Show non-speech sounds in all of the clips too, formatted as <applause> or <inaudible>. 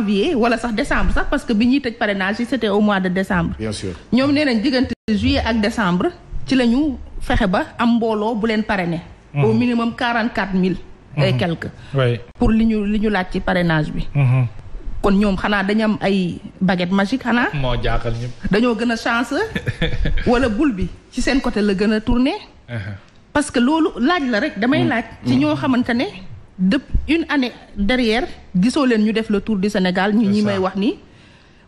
janvier wala sax décembre sax parce que bi tej tëj parrainage c'était au mois de décembre. bien sûr ñom nénañ nañ juillet ak décembre ci lañu fexé ba am mbolo bu leen parrainé. Mhm. au minimum quarante quatre mille. et mhm. quelques. oui pour liñu liñu li ñu laaj ci parrainage bi. Mhm. kon ñoom xanaa dañu am ay baguette magique xanaa. moo jaaxal ñëpp. dañoo gën a chance <laughs> wala boule bi ci seen côté la gën a tourné. Uh-huh. parce que loolu laaj la rek damay mm. laaj. ci ñoo mm. xamante ne depuis une année derrière gisoo ñu def le tour du Sénégal ñu ñi may wax ni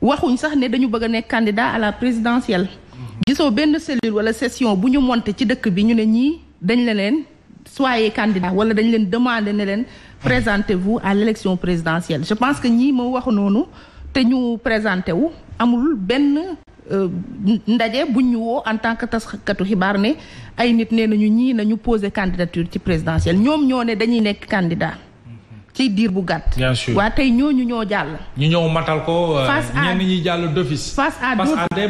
waxuñ sax né dañu bëgg a nekk candidat à la présidentielle mhm. gisoo benn cellule wala session bu ñu monté ci dëkk bi ñu né ñi dañ la leen soyez candidat wala dañ leen demander né leen présentez-vous à l'élection présidentielle je pense que ñi ma wax nonu té ñu présenté wu amul benn Euh, ndaje bu ñu woo en tant que taskatu xibaar ne ay nit nee nañu ñii nañu poser candidature ci présidentielle ñoom ñoo ne dañuy nekk candidat qui dit bougat bien sûr ñoo matal ko. Euh, face ñi d'office. face des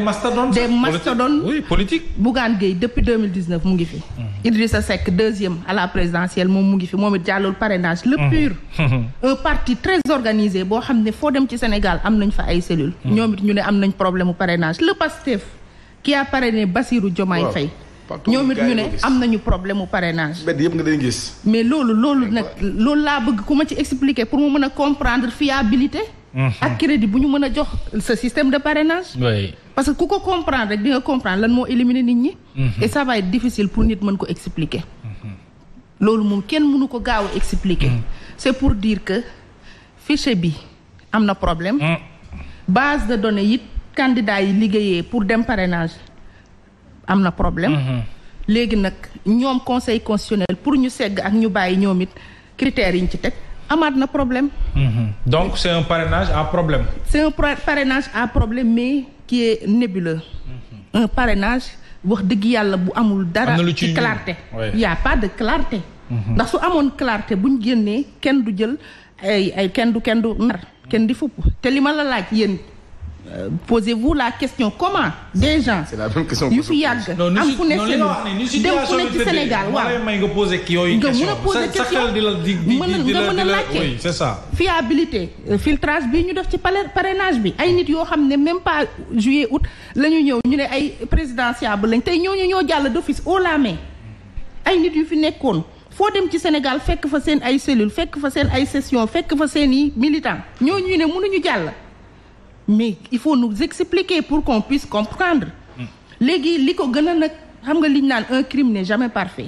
des depuis 2019 mu mhm. Idrissa Seck deuxième à la présidentielle mu ngi fi le mhm. pur. <laughs> un parti très organisé dem ci Sénégal am nañ cellules. Mhm. am problème parrainage le PASTEF. qui a parrainé Bassirou Diomaye ñoom it ñu ne problème mu parrainage. mais loolu loolu nak, loolu laa bëgg ku ci expliquer pour mu mën comprendre fiabilité. Mhm. ak crédit bu ñu jox ce système de parrainage. oui parce que si ko comprendre rek nga comprendre lan moo éliminer nit ñi. Mhm. et ça va être difficile pour nit mën ko expliquer. Mhm. loolu moom kenn mënu ko gaaw a expliquer. c'est pour dire que fichier bi a na problème. base de données yi candidat yi liggéeyee pour dem parrainage. am na problème. Mm-hmm. léegi nag ñoom conseil constitutionnel pour ñu segg ak ñu bàyyi ñoom it critères yi ñu ci teg amaat na problème. Mm-hmm. donc c'est un parrainage à problème. c'est un parrainage à problème mais qui est nébuleux. Mm-hmm. un parrainage wax dëgg yàlla bu amul dara. ci clarté il y pas de clarté. ndax su amoon clarté bu ñu génnee kenn du jël ay kenn du kenn du nar kenn di fupp te li ma la laaj yéen. Euh, posez-vous la question comment déjà c'est des gens yu fi yàgg am fu ne dem fu ne ci Sénégal waaw may nga poser ki yooyu nga mën a poser question nga mën a laajte fiabilité euh, filtrage bi ñu def ci parrainage bi ay nit yo xam même pas juillet août lañu ñëw ñu né ay présidentiable lañ tay ñooñu ñoo jall d'office au la main ay nit yu fi nekkoon foo dem ci Sénégal fekk fa seen ay cellule fekk fa seen ay session fekk fa seen i militant ñooñu ne mënuñu jàll mais il faut nous expliquer pour qu'on puisse comprendre. Mm. Les un crime n'est jamais parfait.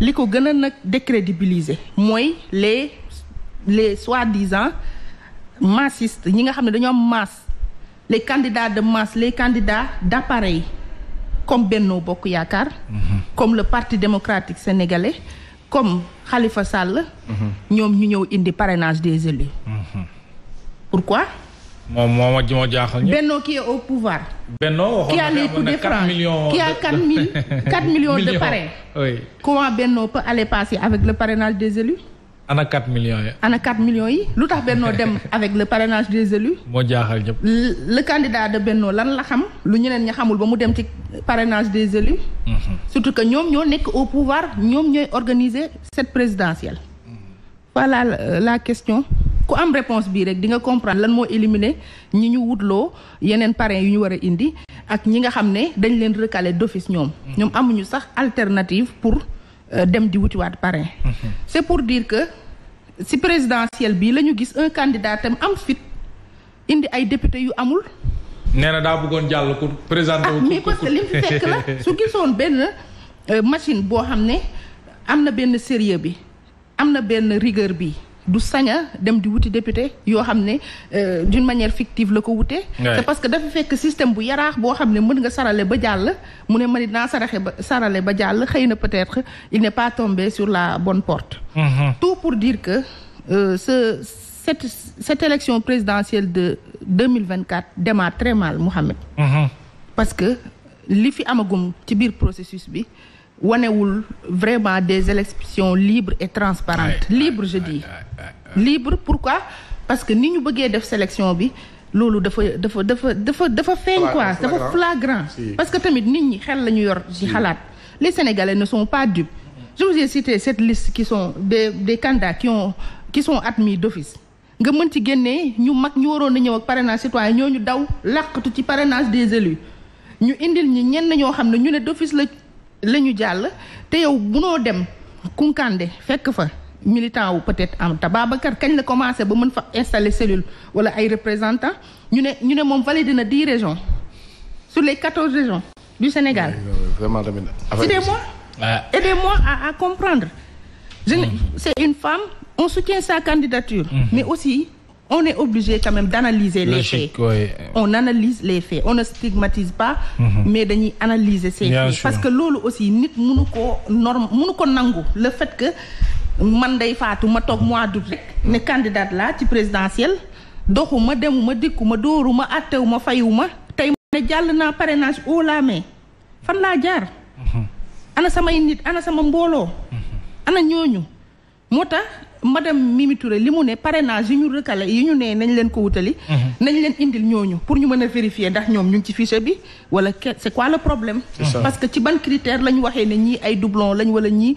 Ce qui est le décrédibiliser. c'est les les soi-disant massistes les candidats de masse les candidats d'appareil comme Benno Bokk mm-hmm. comme le Parti démocratique sénégalais comme Khalifa Sall. ils mm-hmm. ñu ñëw indi parrainage des élus. Mm-hmm. pourquoi qui est au pouvoir. qui a les coups de qui a <laughs> millions de parrain oui comment Benno peut aller passer avec le parrainage des élus. ana 4 millions 4 millions yi Benno dem <laughs> avec le parrainage des élus. le candidat de Benno lan la xam lu ñeneen ñi xamul ba mu parrainage des élus. Mm-hmm. surtout que ñoo au pouvoir nous ñooy organiser cette présidentielle. Mm-hmm. voilà la question. ku am réponse bii rek di nga comprendre lan moo éliminer ñi ñu wutloo yeneen parrain yu ñu war indi ak ñi nga xam ne dañ leen recaler d'office ñoom mhm. ñoom amuñu sax alternative pour euh, dem di wutiwaat parrain mhm. c'est pour diir que si présidentielle bii la ñu gis un candidat tam am fit indi ay député yu amul nee daa bëggoon jàll pour présenter ah benn euh, machine boo xam ne am na benn sérieux bi am na benn rigueur bi du sañ a dem di wuti député yoo xam ne euh, d'une manière fictive la ko wute c'est parce que dafa fekk système bu yaraax boo xam ne mën nga sarale ba jàll mu ne man naa saraxe ba sarale ba jàll xëy na peut-être il n'est pas tombé sur la bonne porte mm-hmm. tout pour dire que euh, ce cette cette élection présidentielle de 2024 démarre très mal Mohamed mm-hmm. parce que li fi amagum ci biir processus bi wanewul vraiment des élections libres et transparentes libre je dis libre pourquoi parce que ni ñu bëggee def sélection bi lolu dafa dafa dafa dafa dafa feign quoi dafa flagrant parce que tamit nit ñi xel lañu ñu yor ci xalaat les sénégalais ne sont pas dupes je vous ai cité cette liste qui sont des des candidats qui ont qui sont admis d'office nga mën ci génnee ñu mag ñu waroon na ñëw ak parrainage citoyen ñoo ñu daw làqatu ci parrainage des élus ñu indil ñi ñenn ñoo xam ne ñu ne d'office la lañu ñu jàll te yow bunoo dem Kunkande fekk fa militant wu peut-être am ta Babacar kañ la commencé ba mën fa installer cellule wala ay représentants ñu ne ñu ne moom valide na 10 régions sur les 14 régions du Sénégal. aidez-moi ah. aidez-moi à à comprendre. je mm. c'est une femme on soutient sa candidature. Mm-hmm. mais aussi on est obligé quand même d'analyser les faits. On analyse les faits. On ne stigmatise pas, mhm. mais on analyse ces faits. Parce que aussi nit le fait que ma mhm. candidate la ci présidentielle doxuma fayuma ma ne parrainage la mhm. ana on nit ana sama ana ñooñu madame Mimi Touré li mu ne parrainage yi ñu rëkkale yi ñu ne nañ leen ko wutali. Mhm. nañ leen indil ñooñu pour ñu mën a vérifier ndax ñoom ñu ngi ci fichier bi wala c'est quoi le problème. parce que ci ban critère lañ waxee ne ñii ay doublon lañ wala ñii.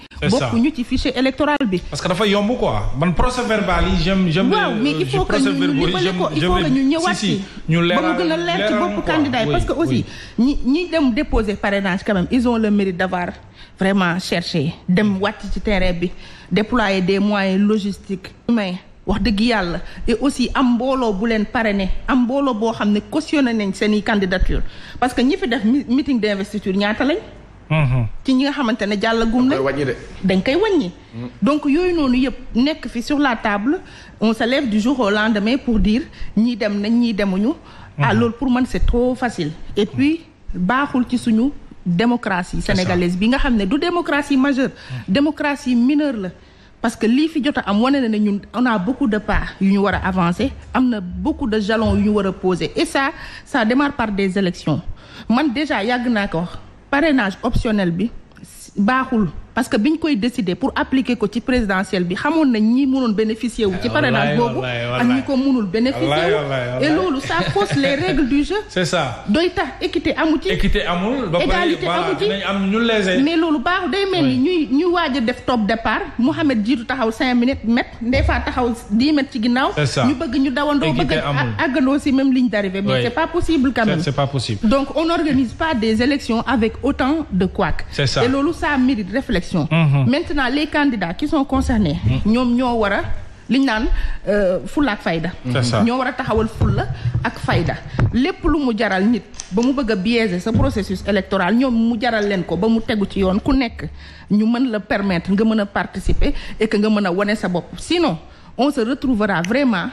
ñu ci fichier électoral bi. parce que dafa yomb quoi man procès verbal yi j'aime j'aime. waaw mais il faut que ñu libale ko il faut que ñu ñëwaat ci. ñu leeral ba mu gën a leer ci bopp candidat yi parce que aussi ñi ñi dem déposer parrainage quand même ils ont le mérite d'avoir vraiment chercher dem wàcc ci terrain bi déployer des moyens logistiques humains wax dëgg yàlla et aussi am mbooloo bu leen pare ne am mbooloo boo xam ne cautionné nañ seeni candidature parce que ñi fi def meeting d'investiture ñaata lañ mm-hmm. ci ñi nga xamante ne jàllagum nañ dañ koy wàññi mm. donc yooyu noonu yëpp nekk fi sur la table on se lève du jour au lendemain pour diir ñii dem nañ ñii demuñu mm-hmm. ah loolu pour man c'est trop facile et puis baaxul ci suñu démocratie sénégalaise bi nga xam ne démocratie majeure hmm. démocratie mineure parce que lii fi jot a am wane na ñun on a beaucoup de pas yu ñu avancer beaucoup de jalons yu ñu poser et ça ça démarre par des élections Moi, déjà yàgg naa ko wax parrainage optionnel bi baaxul parce que biñ koy décider pour appliquer ko ci présidentiel bi xamoon na ñi mënon bénéficier wu ci parrainage boobu ak ñi ko mënul bénéficier wu et loolu ça fausse les règles du jeu <laughs> c'est ça doy tax équité amu ci équité amul ba pare égalité amu ci am ñu lésé mais loolu baaxu day mel ni ñuy ñu waaj def top départ Mohamed jiitu taxaw cinq minutes ndé fa taxaw dix mètres ci ginnaaw ñu bëgg ñu dawandoo bëgg àggandoo si même ligne d'arrivée mais c'est pas possible quand même c'est pas possible donc on n'organise pas des élections avec autant de ça. et loolu ça mérite réflexion Mhm. maintenant les candidats qui sont concernés mhm. ñom ñoo wara liñ euh ak fayda mhm. ñoo wara taxawal ak fayda lu mu jaral nit biaiser ce processus électoral mu jaral ko ba mu permettre participer et que nga sinon on se retrouvera vraiment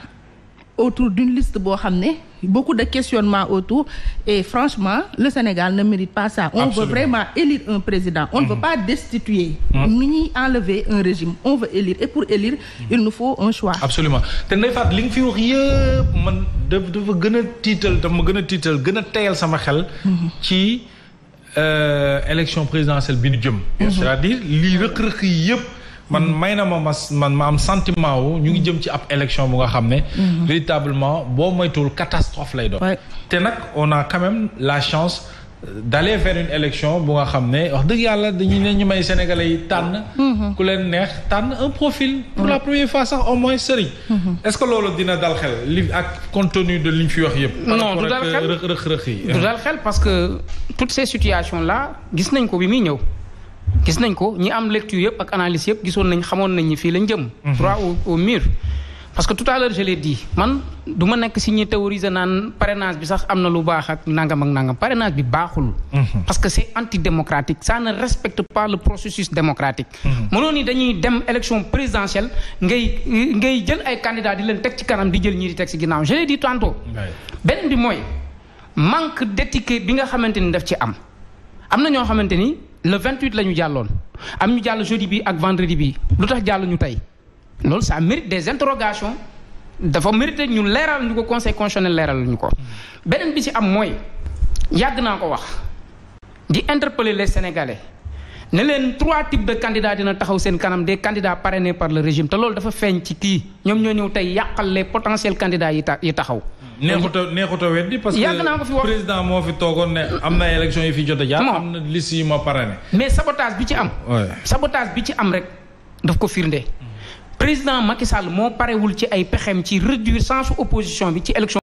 autour d'une liste de beaucoup de questionnements autour. Et franchement, le Sénégal ne mérite pas ça. On veut vraiment élire un président. On ne veut mhm. pas destituer mhm. ni enlever un régime. On veut élire. Et pour élire, il nous faut un choix. Absolument. te de a ma mhm. euh, élection présidentielle c'est-à-dire li man mm-hmm. may na ma mas man ma am sentiment wu ñu ngi jëm ci ab élection bu nga xam ne mm-hmm. véritablement boo moytuwul catastrophe lay doon te nag on a quand même la chance d'aller vers une élection bu nga xam ne wax dëgg yàlla dañuy ne ñu may sénégalais yi tànn mm-hmm. ku leen neex tànn un profil pour la première fois sax au moins sëriñ est-ce que loolu dina dal xel li ak contenu de li ñu fi wax yëpp non du dal xel rëq rëq yi du dal xel parce que toutes ces situations là gis nañ ko bi muy ñëw gis nañ ko ñi am lecture yëpp ak analyse yëpp gisoon nañ xamoon nañ ni fii lañ jëm. Mhm. droit au mur. parce que tout à l'heure je l'ai dit man du ma nekk si ñi théoriser naan parrainage bi sax am na lu baax ak nangam ak nangam parrainage bi baaxul. Mhm. parce que c'est antidémocratique ça ne respecte pas le processus démocratique. Mhm. mënoon dañuy dem élection présidentielle ngay ngay jël ay candidats di leen teg ci kanam di jël ñii di teg ginnaaw je l'ai dit benn bi mooy le 28 la ñu am ñu jall jeudi bi ak vendredi bi lutax tax ñu tay loolu ça mérite des interrogations dafa mérite ñu leeral ñu ko conseil constitutionnel leeral ñu ko. beneen bi ci am moy yàgg naa ko wax di interpeller les sénégalais ne leen trois types de candidats dina taxaw seen kanam des candidats parrainés par le régime te loolu dafa feeñ ci kii ñoom ñoo ñëw tey yàqal les potentiels candidats yi taxaw neexut a neexut weddi parce que président moo fi toogoon ne am na élection yi fi jot a jaar. am na liste yi ma parrainé. mais sabotage bi ci am. sabotage bi ci am rek daf ko firnde. Hmm. président Macky Sall moo parewul ci ay pexem ci réduire sans opposition bi ci élection.